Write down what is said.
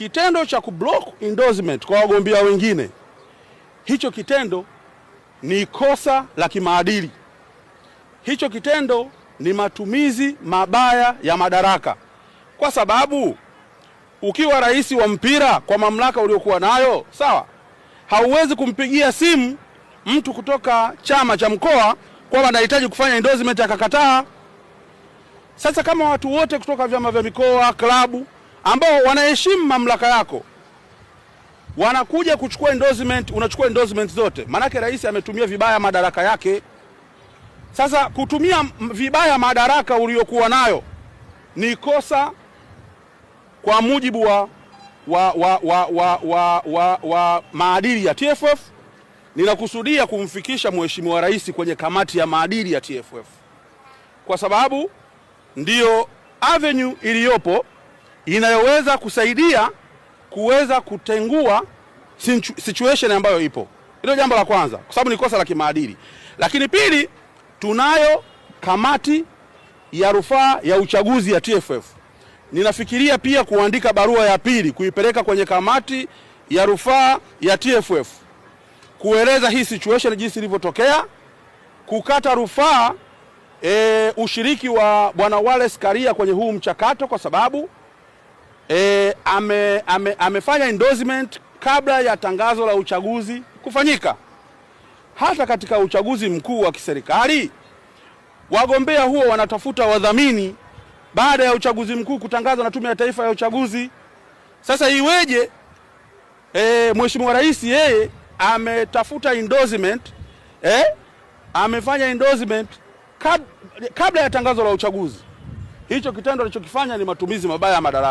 Kitendo cha kublock endorsement kwa wagombea wengine, hicho kitendo ni kosa la kimaadili. Hicho kitendo ni matumizi mabaya ya madaraka, kwa sababu ukiwa rais wa mpira kwa mamlaka uliokuwa nayo, sawa, hauwezi kumpigia simu mtu kutoka chama cha mkoa kwamba anahitaji kufanya endorsement akakataa. Sasa kama watu wote kutoka vyama vya mikoa, klabu ambao wanaheshimu mamlaka yako wanakuja kuchukua endorsement, unachukua endorsement zote. Maanake rais ametumia vibaya madaraka yake. Sasa kutumia vibaya madaraka uliyokuwa nayo ni kosa kwa mujibu wa, wa, wa, wa, wa, wa, wa, wa maadili ya TFF. Ninakusudia kumfikisha mheshimiwa rais kwenye kamati ya maadili ya TFF kwa sababu ndiyo avenue iliyopo inayoweza kusaidia kuweza kutengua situation ambayo ipo. Hilo jambo la kwanza, kwa sababu ni kosa la kimaadili. Lakini pili, tunayo kamati ya rufaa ya uchaguzi ya TFF. Ninafikiria pia kuandika barua ya pili kuipeleka kwenye kamati ya rufaa ya TFF kueleza hii situation jinsi ilivyotokea, kukata rufaa e, ushiriki wa Bwana Wallace Karia kwenye huu mchakato kwa sababu ame, ame, amefanya endorsement kabla ya tangazo la uchaguzi kufanyika. Hata katika uchaguzi mkuu wa kiserikali wagombea huo wanatafuta wadhamini baada ya uchaguzi mkuu kutangazwa na Tume ya Taifa ya Uchaguzi. Sasa iweje e, Mheshimiwa Rais yeye ametafuta endorsement e, amefanya endorsement kab, kabla ya tangazo la uchaguzi. Hicho kitendo alichokifanya ni matumizi mabaya ya madaraka.